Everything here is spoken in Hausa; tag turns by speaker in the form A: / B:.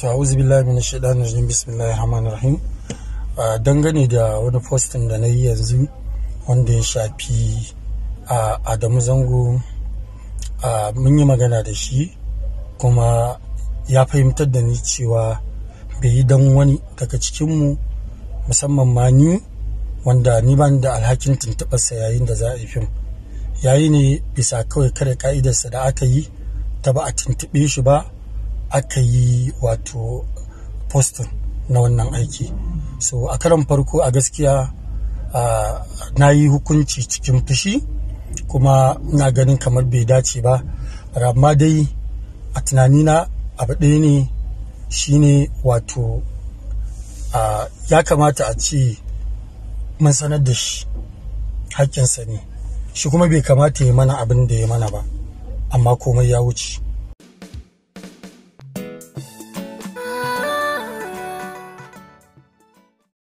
A: ta'awuz billahi min shaitanir rajim bismillahir rahmanir rahim dangane da wani postin da na yi yanzu wanda ya shafi a Adamu Zango mun yi magana da shi kuma ya fahimtar da ni cewa bai yi dan wani daga cikinmu musamman ma ni wanda ni ban da alhakin tuntuɓarsa yayin da za a yi fim yayi ne bisa kawai kare ka'idarsa da aka yi ta ba a tuntube shi ba aka yi wato postin na wannan aiki so a karan farko a gaskiya na yi hukunci cikin fushi kuma na ganin kamar bai dace ba amma dai a tunanina abu ɗaya ne shine wato ya kamata a ce mun sanar da shi haƙƙinsa ne shi kuma bai kamata ya mana abin da ya mana ba amma komai ya wuce